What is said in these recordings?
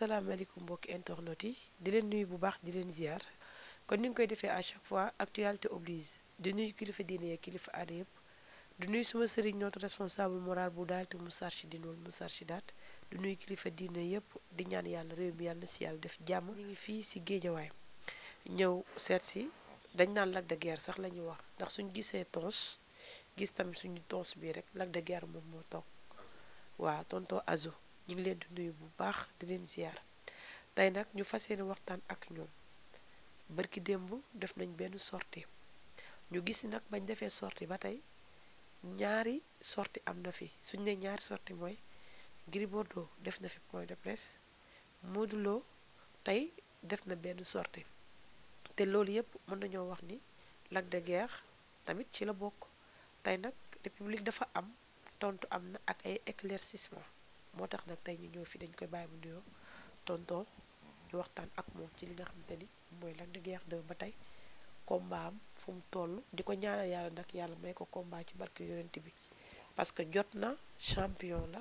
assalamualaikum mbokki internet yi di len nuyu bu baax di len ziar kon ni ngui koy defé à chaque fois actualité oblige di nuyu kilifa diine ya kilifa ade yëpp di nuyu suma sëriñ notre responsable moral bu daal te Moustarchidine wala dat di nuyu kilifa diine yëpp di ñaan yalla rew mi yalla ci yalla def jamm ñi ngi fii si géejawaay ñew seet ci dañ nan lak de guerre sax lañu wax ndax suñu gisee tons gis tam suñu tons bi rek lak de guerre mom mo tok wa tonto Azou ñi ngi leen di nuyu bu baax di leen ziar tey nag ñu fasiyene waxtaan ak ñoom barki démb def nañ benn sortie ñu gis nag bañ defee sortie ba tey ñaari sortie am na fi suñ ne ñaari sortie mooy gri Bordeaux def na fi point de presse modulo Lo tey def na benn sortie te loolu yépp mën nañoo wax ni Lac de guerre tamit ci la bokk tey nag république dafa am tontu am na ak ay éclaircissement moo tax nag tey ñu ñëw fii dañ koy bàyyi mu nuyoo tonton ñu waxtaan ak moom ci li nga xamante ni mooy Lac de Guiers 2 ba tey combat am fu mu toll di ko ñaanal yàlla nag yàlla may ko combat ci barke yonent bi parce que jot na champion la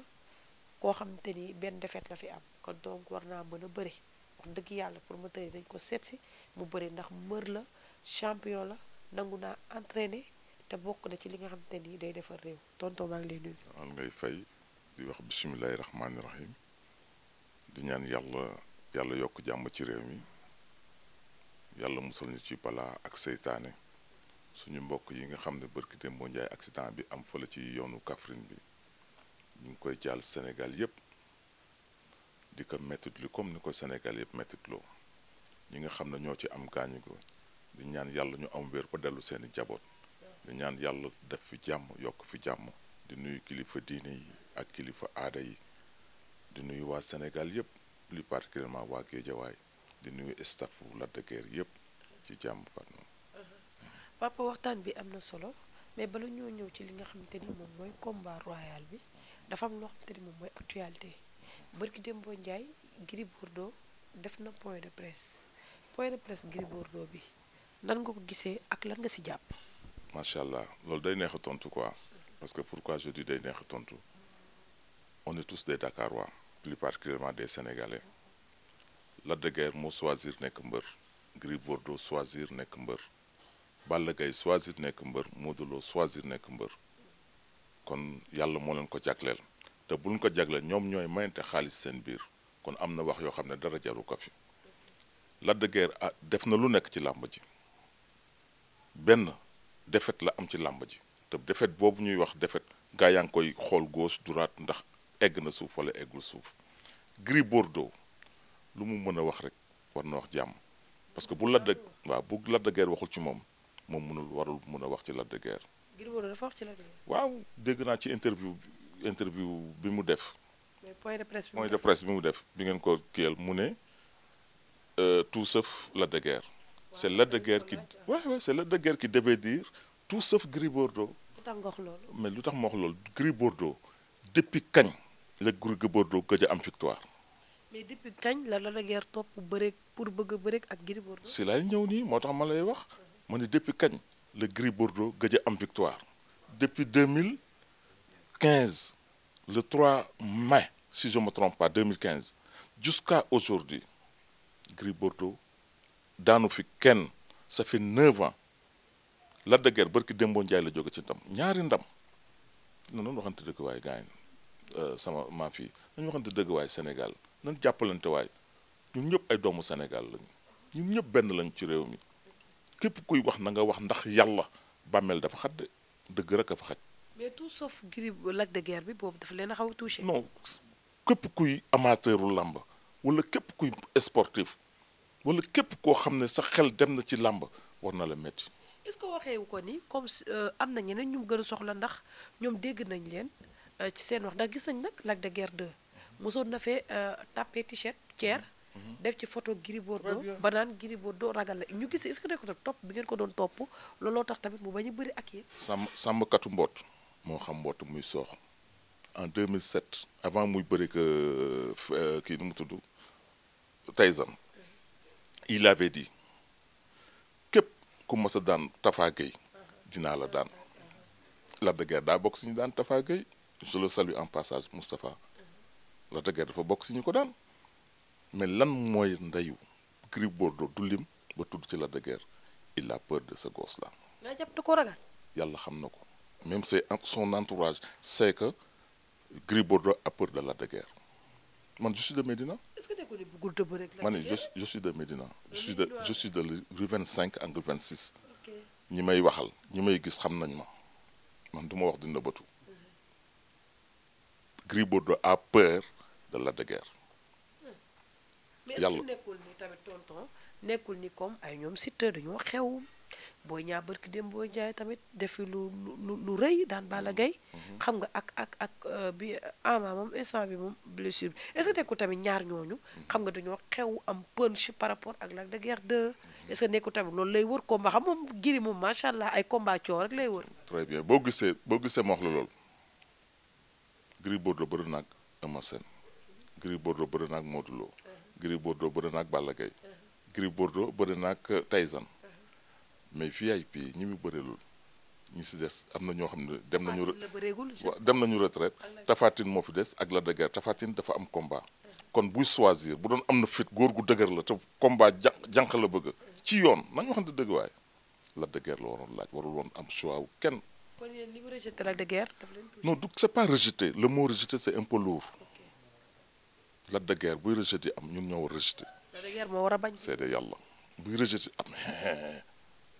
koo xamante ni benn défaite la fi am kon donc war naa mën a bëri wax dëgg yàlla pour promoteur yi dañ ko seet si mu bëri ndax mër la champion la nangu naa entraîné te bokk na ci li nga xamante ni day defar réew tonton maa ngi lay di wax bisimilahi rahmaani rahim di ñaan yàlla yàlla yokk jàmm ci réew mi yàlla musal ñu ci balaa ak seytaane suñu mbokk yi nga xam ne bërki démboo njaay accident bi am fële ci yoonu Kaffrine bi ñu ngi koy jàll senegal yépp di metit li comme ni ko senegal yépp mettitloo ñi nga xam ne ñoo ci am gaañu ko di ñaan yàlla ñu am wér ba dellu seeni jaboot di ñaan yàlla def fi jàmm yokk fi jàmm di nuyu kilifa diine yi ak kilifa aada yi di nuyu waa Sénégal yëpp plus particulièrement waa Géejawaay di nuyu staffu Lac de Guiers yëpp ci jàmm Fatma. papa waxtaan bi am na solo mais bala ñoo ñëw ci li nga xam xamante ni moom mooy combat royal bi dafa am loo xamante ni moom mooy actualité barki Dembo Ndiaye Gris Bordeaux def na point de presse point Gris Bordeaux bi nan nga ko gisee ak lan nga si jàpp. macha allah loolu day neex a tontu quoi parce que pourquoi je day neex tontu on est tous des Dakarois, plus particulièrement des Sénégalais. La de guerre, moo choisir nekk mbër Gris Bordeaux choisir nekk mbër Balla Gaye choisir nekk mbër Modou choisir nekk mbër kon yalla mo len ko jagleel te buñ ko jagleel ñom ñoy mayante xaliss sen bir kon amna na wax yo xam dara jaru ko fi Lac de guerre ah, def na lu nek ci lamb ji ben défaite la am ci lamb ji te défaite bobu ñuy wax défaite gaa koy xol gauche droite ndax egg na Gris Bordeaux wax rek parce que la de wa de ci Gris Bordeaux wax ci de interview interview bi mu def. de presse de presse bi tout sauf la de guerre c'est de guerre qui c'est la qui devait dire tout sauf Gris Bordeaux. mais lutax wax Gris Bordeaux depuis quand le Gris Bordeaux victoire. mais depuis quand la la guerre pour Gris Bordeaux. C'est depuis quand le Gris Bordeaux victoire depuis 2015 le 3 mai si je me trompe pas 2015 jusqu'à aujourd'hui Gris Bordeaux dans nos ça fait 9 ans La de guerre barki Dembo la il ci a non non Euh, sama maafi fii nañu waxante dëgg waay senegal nañ jàppalante waay ñun ñëpp ay doomu Sénégal lañu ñun ñëpp benn lañ ci réew mi képp kuy wax na nga wax ndax yàlla bàmmeel dafa xat de dëgg rek a fa xaj. mais tout sauf Gris Lac de Guiers bi boobu dafa leen a xaw a touché. non képp kuy amateuru làmb wala képp kuy sportif wala képp koo xam ne sa xel dem na ci làmb war na la metti est-ce que waxeewu ko ni comme euh, am na ñeneen ñu gën a soxla ndax ñoom dégg nañ leen. Euh, ci seen wax ndax gis nañ nag Lac de Guerre 2 mosoon na fee euh, tapé t-shirt Thier mhm. def ci photo Gris Bordeaux ba naan Gris ragal ñu gis est-ce que ne top bi ngeen ko doon topp looloo tax tamit mu bañ a bëri ak sam sàmm sàmmkatu mboot moo xam mboot muy soox en 2007 avant muy bëri que euh, kii nu mu tudd Tyson il avait dit képp ku mas a daan Tafa gay dinaa la daan la de Guerre daa bokk suñu daan Tafa gay je le salue en passage Moustapha la dëgg dafa bokk si ñu ko daan mais lan mooy ndeyu Gris Bordeaux du lim ba tudd ci la dëgg il a peur de ce gosse là. mais jàpp du ko ragal. yàlla xam na ko même c'est son entourage c'est que Gris Bordeaux a peur de la dëgg man je suis de Médina. est-ce que tu ne bëggul tëb rek la. je je suis de Médina. je suis de je suis de rue 25 ak rue 26. ok ñi may waxal ñi may gis xam nañ ma man du ma wax di nëbbatu. Gris Bordeaux a peur de Lac de Guiers. tonton nekkul ni comme ay ñoom Siteu dañoo xew booy ñaa barki dem booy jaay tamit defi lu lu lu rëy daan Balla Gaye mm-hmm. Mm-hmm. xam nga ak ak ak euh, bi ama moom instant bi moom blessure bi tamit ñaar ñooñu mm-hmm. xam nga dañoo xew am punch par rapport ak Lac de Guiers 2 est tamit loolu lay wër combat xam moom giri moom macha allah ay combat coow lay wër très bien boo gisee boo gisee ma wax la loolu Gris Bordeaux bëri na ak Eumeu Sène Gris Bordeaux bëri na ak Modou Lo Gris Bordeaux bëri na ak Balla Gaye Gris Bordeaux bëri na ak euh, Tyson mais VIP ñi mu bëreelul ñi si des am na ñoo xam ne dem nañu dem nañu retraite Tafatine moo fi des ak Lac de Guiers dafa am combat kon buy choisir bu doon am na fit góor gu dëgër la te combat ja jànq la bëgg ci yoon nañu waxante dëgg waaye Lac de la waroon laaj warul am choix kenn Non, ce n'est pas rejeter. Le mot rejeter, c'est un peu lourd. La de guerre, si rejeter, nous rejeter. La guerre, c'est de Yallah.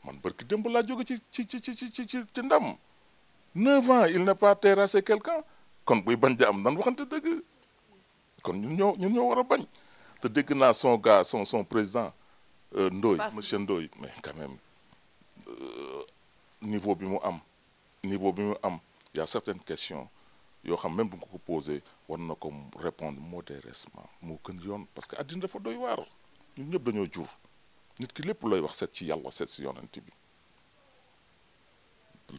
Si man barki demb la ci ci ci ci ci ci ndam 9 ans il n'a pas terrassé quelqu'un kon buy bañ di am waxante kon ñun ñoo ñun ñoo te son gars son président euh, Ndoye monsieur Ndoye mais quand même euh, niveau bi niveau bi mu am y' a certaines questions yoo xam même bu nga ko posé war répondre modérément moo gën yoon parce que àddina dafa doy war ñun ñëpp dañoo jur nit ki lepp looy wax set ci yalla set ci yonenti bi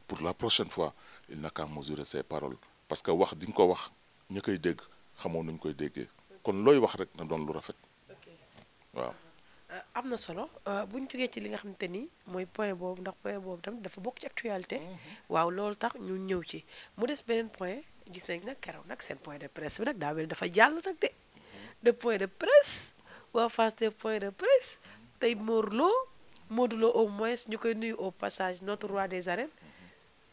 pour la prochaine fois il n'a qu'à mesurer ses paroles parce que wax diñ ko wax ña koy dégg xamoon nañu koy déggé kon loy wax rek na doon lu rafet waaw am na solo euh, bu ñu jógee ci li nga xamante ni mooy point boobu ndax point boobu tamit dafa bokk ci actualité. Mhm. waaw loolu tax ñu ñëw ci mu des beneen point gis nañ nag keroog nag seen point de presse bi nag daa mel dafa jàll nag de. Mhm. de point de presse waa de tey Mor Lo Modou Lo au moins ñu koy nuyu au passage notre roi des arènes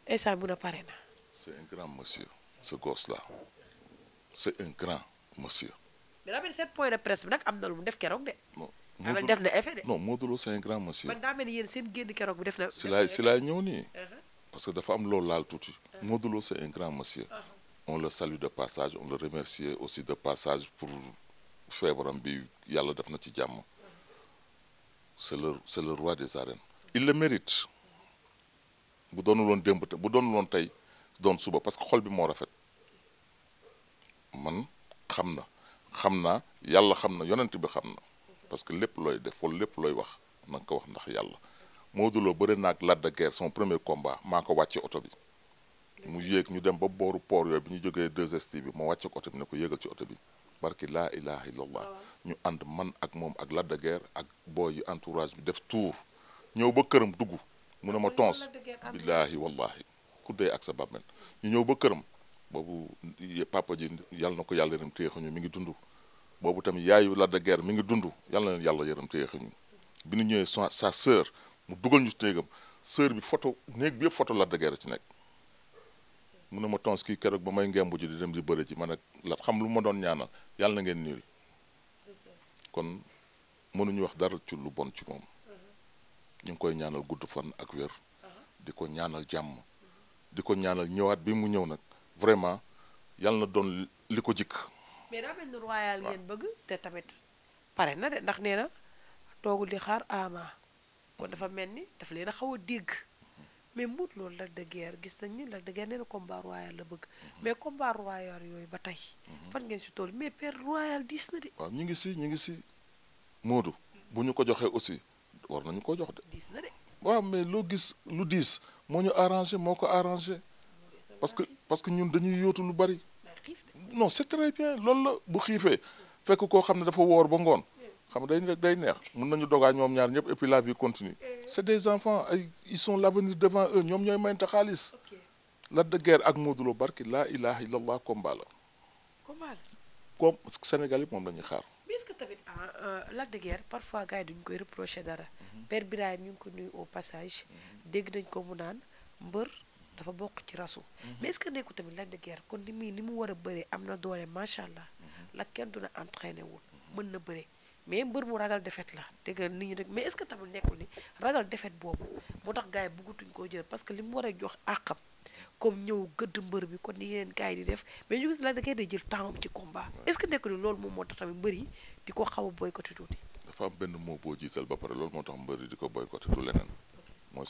instant mhm. bu pare na. c'est un grand monsieur ce gosse là bi nag am na lu mu def keroog de. def na effet non Modulo, c'est un grand monsieur. C'est la, mel ni yéen bi def na. Uh-huh. parce que dafa am loolu laal uh-huh. Modulo, c'est un grand monsieur. Uh-huh. on le salue de passage on le remercie aussi de passage pour feebaram bi yàlla def na ci jàmm. c'est le c'est le roi des arènes. il le mérite. bu doonul l'on démb te bu doonul woon tey doon suba parce que xol bi moo rafet man xam na Yalla naa yàlla xam bi xam parce que lépp looy def wala lépp looy wax na ko wax ndax yàlla Modou Lo bëri naag Lac de Guiers son premier combat maa ko wàcce oto bi mu yéeg ñu dem ba booru port yooyu bi ñu jógee 2STV bi ma wàcce ko oto bi ne ko yéegal ci oto bi barki laa ilaha illallah ah ñu ànd man ak moom ak Lac de ak booy yi entourage bi def tour ñëw ba këram dugg mu ne ma tons billaahi wallahi ku dee ak sa bàmmeel ñu ñëw ba këram boobu papa ji yàlla na ko yàlla rim téexuñu mi ngi dund boobu tamit yaayu Lac de Guiers mi ngi dund yal na leen yàlla yërëm te yéexuñu bi nu ñëwee sa sa sœur mu dugal ñu ci néegam sœur bi photo néeg bi yëpp photo Lac de ci nekk mun na ma tons kii keroog ba may ngemb ji di dem di bëri ji ma ne lat xam lu ma doon ñaanal yàlla ngeen niil kon mënuñu wax dara ci lu bon ci moom ñu ngi koy ñaanal gudd fan ak wér di ko ñaanal jàmm di ko ñaanal ñëwaat bi mu ñëw nag vraiment yàlla na doon li ko jikk mais daa mel ni royal ngeen bëgg te tamit pare na de ndax nee na toogul di xaar ama kon dafa mel ni daf leen a xaw a dégg mais muut loolu Lac de gis nañ ni Lac de Guiers nee na royal la bëgg mm-hmm. mais combat royal yooyu ba tey mm-hmm. fan ngeen si tool mais père royal diis na de waaw ñu ngi si ñu ngi si moodu bu ñu ko joxee aussi war nañu ko jox de diis na de waaw mais loo gis lu diis moo ñu arrangé moo ko arrangé parce que parce que ñun dañuy yóotu lu bari non c'est très bien loolu la bu xiifee fekk koo xam ne dafa woor ba ngoon xam day day neex mën nañu ñaar et puis la vie continue eh. c'est des enfants ils sont l'avenir devant eux ñoom ñooy maynta xaalis la de guerre ak barki la ilaha combat la comme Sénégal la ce que ah, euh, de guerre, parfois gars duñ dara mhm. Père ñu au passage mhm. dégg nañ ko dafa bokk ci rasu. Mhm. mais est que nekku tamit Lac de kon ni muy ni mu war a bëre am na doole macha allah. Mhm. la kenn du na entraîné wul mhm. mën na bëree mais mbër mu ragal defet la dégg nit ñi rek mais est-ce que tamit nekkul ni ragal defet boobu moo tax gars yi bëggatuñ koo jël parce que li mu war a jox àqam comme ñëw gëdd mbër bi kon ni yeneen gars yi di def mais ñu gis Lac de Guiers day jël temps ci combat est-ce que ni loolu moom moo tax tamit mbër yi di ko xaw a boycotté tuuti. dafa am benn mot boo jiital ba moo tax ko boycotté du leneen mooy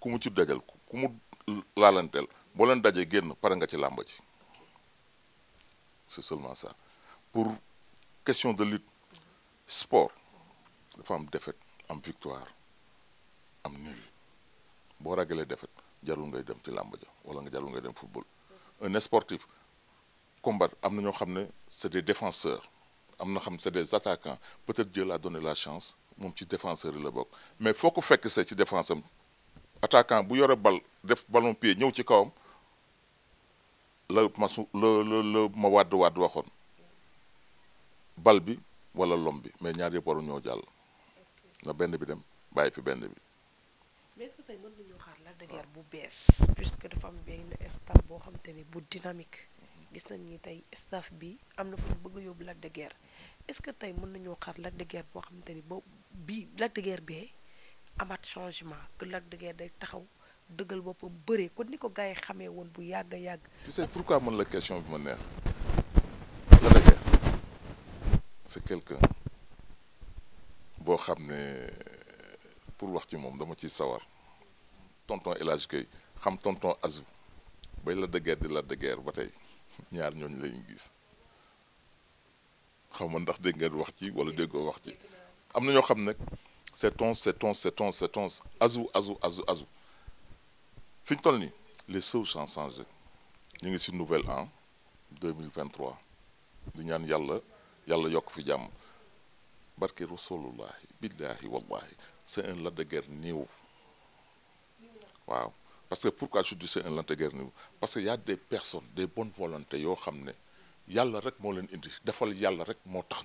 kumu nga ci c'est seulement ça pour question de lutte sport dafa am défaite am victoire am nul bo ragalé défaite jarul ngay dem ci wala nga jarul dem football un sportif combat am na ñoo c'est des défenseurs c'est des attaquants peut-être Dieu l'a donné la chance mon ci défenseur yi la mais foo ko fekk tu ci défense attaquant bu yore bal def ballon pied ñëw ci kawam la masu la la ma wàdd wàdd waxoon bal bi wala lom bi mais ñaar yëpp waru ñoo jàll na benn bi dem bàyyi fi benn bi mais est tey mën bu bees puisque dafa am benn staff boo xam ni bu dynamique mhm. gis nañ ni tey staff bi am na fu bëgg a yóbbu Lac est-ce que tey mën nañoo xaar Lac de Guiers boo xam ni ba bi Lac de Guiers bee amaat changement que la de taxaw ko tu sais pourquoi la question bi mon neex c'est quelqu'un bo xamné pour wax ci mom dama ci sawar tonton El xam tonton Azou bay la de di de ñaar gis xam ndax de ngeen wax ci wala c'est 11, 7, 11, c'est azou, azou, azou. Azou, azou, azou, les choses ont changé sommes ngi une nouvelle an 2023 di ñaan yalla yok fi billahi wallahi c'est un lot de guerre new. Wow. parce que pourquoi je dis c'est un lot de guerre parce qu'il y a des personnes des bonnes volontés yo Yalla rek indi defal yalla rek tax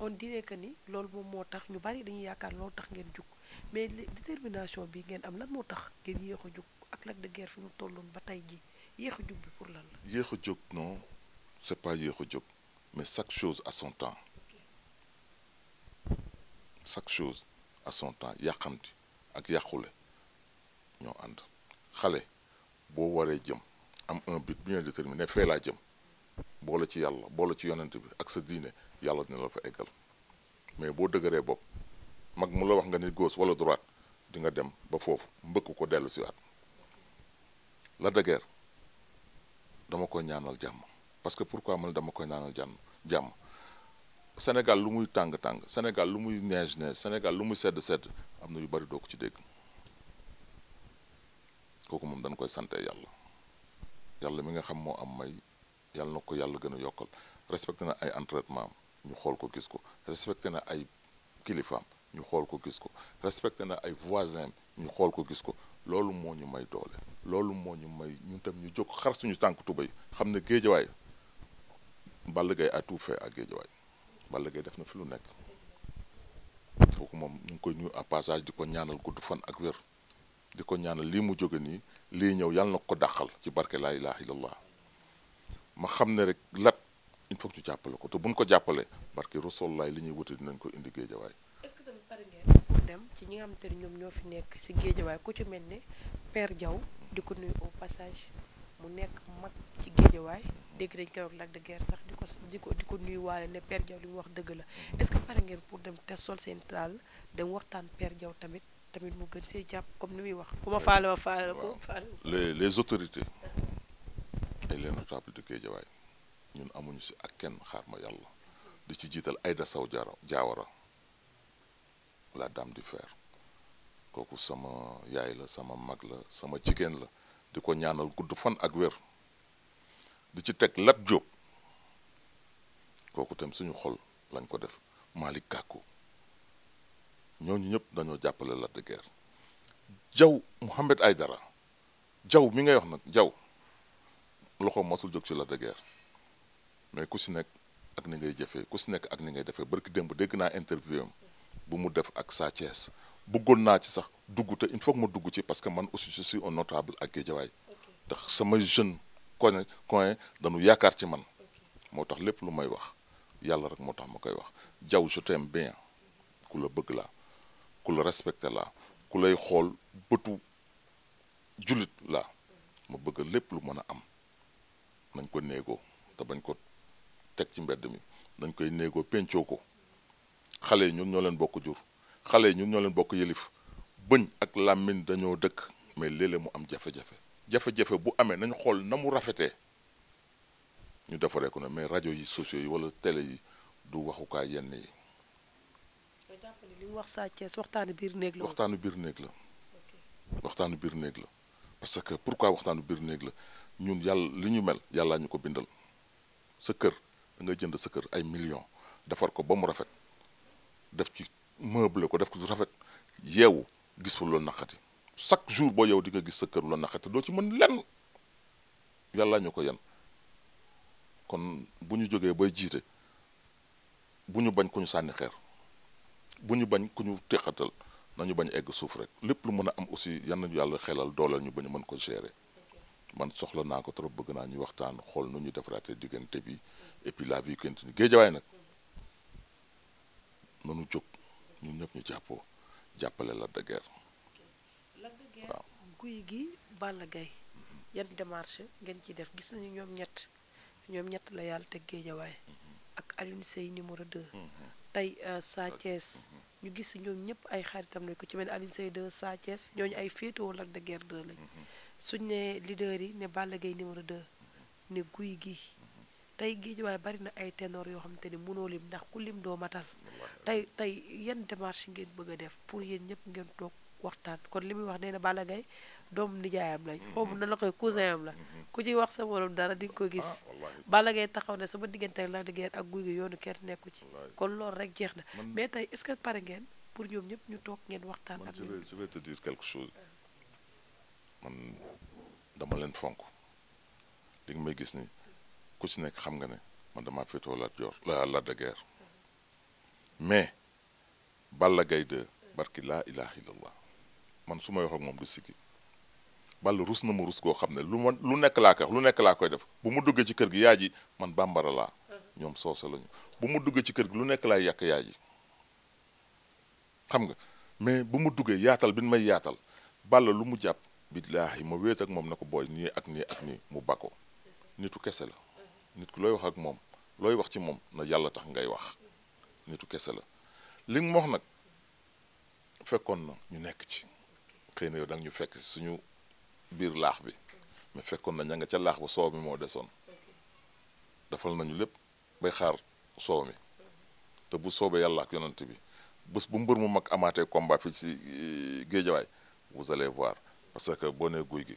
on dirait que ni loolu moom moo tax ñu bari dañuy yaakaar loo tax ngeen jug mais détermination bi ngeen am lan moo tax ngeen yéex a jug ak Lac de Guiers fi mu tolloon ba tey ji yéex a jug bi pour lan la. yéex a jóg non c'est pas yéex jóg mais chaque chose à son temps chaque chose à son ak yàqule ñoo ànd xale boo waree jëm am un but bien déterminé fee laa jëm boole ci yàlla boole ci yonent bi ak sa diine. yàlla dina la fa eggal mais boo dëgëree bopp mag mu la wax nga ni gauche walla droite di nga dem ba foofu mbëkk ko dellu si waat la dëgër dama koy ñaanal jàmm parce que pourquoi man dama koy ñaanal jàmm jàmm Sénégal lu muy tàng-tàng Sénégal lu muy neige neige Sénégal lu muy sedd sedd am na yu bari doo ko ci dégg kooku moom dañ koy sante yàlla yàlla mi nga xam moo am may yàlla na ko yàlla gën a yokkal respecté na ay entraînement ñu xool ko gis ko respecté na ay kilifaam ñu xool ko gis ko respecté na ay voisin ñu xool ko gis ko loolu moo ñu may doole loolu moo ñu may ñu tam ñu jóg xar suñu tànk tubéy xam ne géejawaay Balla Gaye a tout fait ak géejawaay Balla Gaye def na fi lu nekk kooku moom ñu ngi koy nuyu à passage di ko ñaanal gudd fan ak wér di ko ñaanal lii mu jóge nii lii ñëw yàlla na ko dàqal ci barke laa ilaha illallah ma xam ne rek foog ñu jàppale ko te buñ ko jàppale barki Rasulullah li ñuy wuti dinañ ko indi géejawaay. est dem ci ñi nga xamante ñoom ñoo fi nekk si géejawaay ku ci mel ni Père Diaw di ko nuyu au passage mu nekk mag ci géejawaay dégg nañ keroog Lac de Guiers sax di ko di ko di ko nuyuwaale ne per Diaw li mu wax dëgg la est-ce que pare ngeen pour dem te sol seen daal dem waxtaan Père jaw tamit tamit mu gën see jàpp comme ni muy wax. ku ma faale ma faale les autorités et les ñun amuñu si ak kenn xaar ma yàlla di ci jiital Aïda Sow Diawara la dame di fer kooku sama yaay la sama mag la sama jigéen la di ko ñaanal gudd fan ak wér di ci teg Lat Diop kooku tam suñu xol lañ ko def Malick Gakou ñooñu ñëpp dañoo jàppale Lac de Guiers jaw Mouhamed Aïdara jaw mi ngay wax nag jaw loxo masul jóg ci Lac de Guiers mais ku si nekk ak ni ngay jëfee ku si nekk ak ni ngay defee barki démb dégg naa interview am bu mu def ak Sa Thiès bëggoon naa ci sax dugg te il faut que ma dugg ci parce que man aussi je suis un notable ak Guédiawaye tax sama jeune coin coin dañu yaakaar ci man moo tax lépp lu may wax yàlla rek moo tax ma koy wax jaw je t'aime bien ku la bëgg laa ku la respecté laa ku lay xool bëtu julit laa ma bëgg lépp lu mën a am nañ ko néegoo te bañ ko teg ci mbedd mi dañ koy néegoo péncoo ko xale yi ñun ñoo leen bokk jur xale yi ñun ñoo leen bokk yélif bëñ ak làmmiñ dañoo dëkk mais léeg mu am jafe-jafe jafe bu amee nañu xool na mu rafetee ñu defaree ko nag mais rajo yi sociaux yi wala tele yi du waxukaay yenn yi. wax Sa Thiès waxtaanu biir néeg la. waxtaanu biir néeg la waxtaanu biir néeg la parce que pourquoi waxtaanu biir néeg la ñun yàlla li ñu mel yàllaa ñu ko bindal sa kër. da nga jënd sa kër ay millions defar ko ba mu rafet def ci meuble ko def ko rafet yeewu gis fa loolu naqati chaque jour boo yow di nga gis sa kër la naqati doo ci mën lenn yàlla ñu ko yan kon bu ñu jógee bay jiite bu ñu bañ ku ñu sànni xeer bu ñu bañ ku ñu teqatal ñu bañ egg suuf rek lépp lu mën a am aussi yan nañu yàlla xelal dooleel ñu ba ñu mën ko gérer man soxla naa ko trop bëgg naa ñuy waxtaan xool nu ñu defaraatee diggante bi et puis la vie continue géejawaay nag nanu jóg ñun ñëpp ñu jàppoo jàppale Lac de guy gi Balla Gaye yan démarche ngeen ci def gis nañu ñoom ñett ñoom ñett la yàlla teg géejawaay mm-hmm. ak Alioune Seye numéro 2 mm-hmm. tey euh, Sa Thiès mm-hmm. ñu gis ñoom ñëpp ay xaritam lañ ko ci mel Alioune Seye 2 Sa Thiès ñooñu ay féetewoo Lac de lañ suñ ne leader yi ne Balla Gaye numéro 2 ne guy gi tey géejuwaay bari na ay ténor yoo xam te ni mënoo lim ndax ku lim doo matal tey tey yan démarche ngeen bëgg a def pour yéen ñëpp ngeen toog waxtaan kon li muy wax nee na Balla Gaye doomu nijaayam lañ mm-hmm. xoomu na la koy cousin am la mm-hmm. ku ci wax sa morom dara di nga ko gis ah, bala Gaye taxaw ne sama diggante ak Lac ak guy yoonu kenn nekku ci kon lool rek jeex na mais tey est-ce que pare ngeen pour ñoom ñëpp ñu toog ngeen waxtaan ak je vais te dire quelque chose man dama leen fonk li nga ku ci nekk xam nga ne man damaa féetoo Lat Joor la Lac de Guiers mais Balla Gaye barki laa ilaha illallah man su may wax moom du sikki Balla rus na mu rus koo xam ne lu ma lu nekk laa koy lu nekk laa koy def bu mu duggee ci kër gi yaay ji man bambara laa ñoom soose lañu bu mu duggee ci kër gi lu nekk laay yàq yaay ji xam nga mais bu mu duggee yaatal bi may yaatal Balla lu mu jàpp billaahi ma wéet ak moom ne ko booy nii ak nii ak nii mu bakko nitu kese nit ku looy wax ak moom looy wax ci moom na yàlla tax ngay wax nitu kese la li mu wax nag fekkoon na ñu nekk ci xëy na yow da ñu fekk suñu biir laax bi mais fekkoon na ña nga ca laax ba soow mi moo desoon defal nañu lépp bay xaar soow mi te bu soobee yàlla ak yonent bi bés bu mbër mu mag amaatee combat fii ci eh, géejawaay vous allez voir parce que boo nee guy gi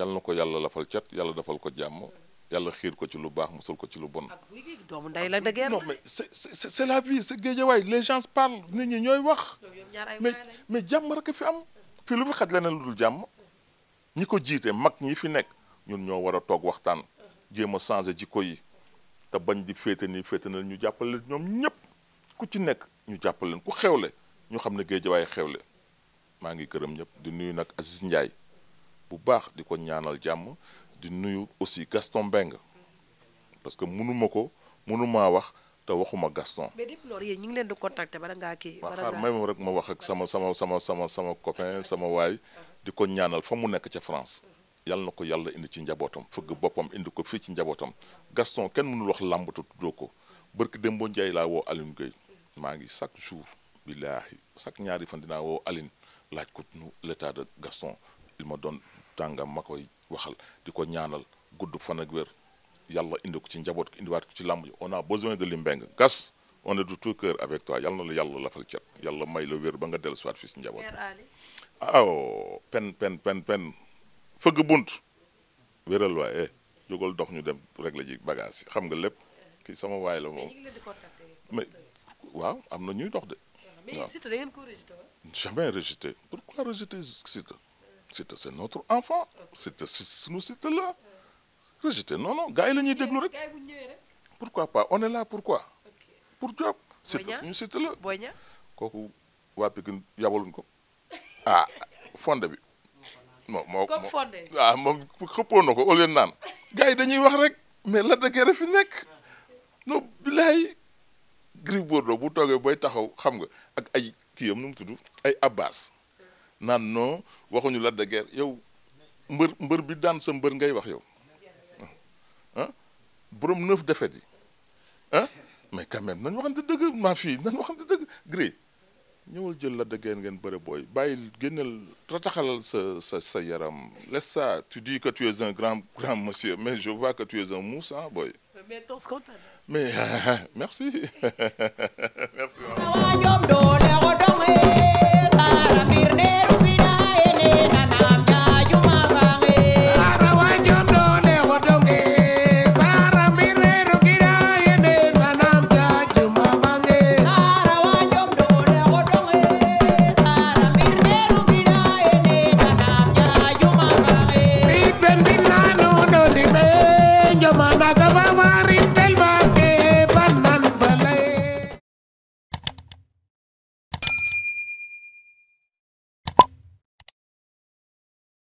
yàlla na ko yàlla lafal cat yàlla defal ko jàmm yàlla xiir ko ci lu baax musul ko ci lu bon. doomu ndey la dëgër non mais c'est c'est c'est la vie c'est géejawaay les gens parlent nit ñi ñooy wax. mais mais jàmm rek fi am. fii lu fi xaj leneen lu dul jàmm ñi ko jiite mag ñi fi nekk ñun ñoo war a toog waxtaan jéem a changer jikko yi te bañ di féete nii féete na ñu jàppale ñoom ñëpp ku ci nekk ñu jàppale leen ku xewle ñu xam ne géejawaay xewle maa ngi gërëm ñëpp di nuyu nag Aziz Ndiaye. bu baax di ko ñaanal jàmm di nuyu aussi Gaston Mbengue parce que mënuma ko mënumaa wax te waxuma Gaston. mais ñu ngi leen di contacter bala ngaa kii. bala ngaa xaar may moom rek ma wax ak sama sama sama sama sama copain sama waay di ko ñaanal fa mu nekk ca France. yàlla na ko yàlla indi ci njabootam fëgg boppam indi ko fii ci njabootam Gaston kenn mënul wax làmb tuddoo ko barki Demba Ndiaye laa woo Aline Gueye maa ngi chaque jour billaahi chaque ñaari fan dinaa woo Aline laaj ko nu l'état de Gaston il ma doon. tàngam ma koy waxal di ko ñaanal gudd fan ak wér yàlla indi ci njaboot ko indiwaat ko ci làmb ji on a besoin de Limbeng gas on a de tout cœur avec toi yàlla na la yàlla lafal cet yàlla may la wér ba nga dellu siwaat fii si njaboot aw pen pen pen pen fëgg bunt wéral waaye eh. jógal dox ñu dem régler ji bagage yi xam nga lépp kii sama waay la moom mais waaw am na ñuy dox de waaw jamais rejeté pourquoi rejeter Siteu c'était notre enfant c'était c'était là. là. rejeté non non gars il pourquoi pas on est là pourquoi pour job c'était nous, Quand là. kooku waa Pikine yabaluñ ko ah fonde bi ah, au lieu gars yi dañuy wax mais là non Gris Bordeaux bu non, non waxuñu la de guerre. yow mbeur mbeur bi daan sa mbeur ngay wax yow ah borom neuf yi ah mais quand même nañ waxante deug ma fi de sa sa laisse ça tu dis que tu es un grand grand monsieur mais je vois que tu es un mousse hein, boy. mais hein. mais merci merci. Pirnero.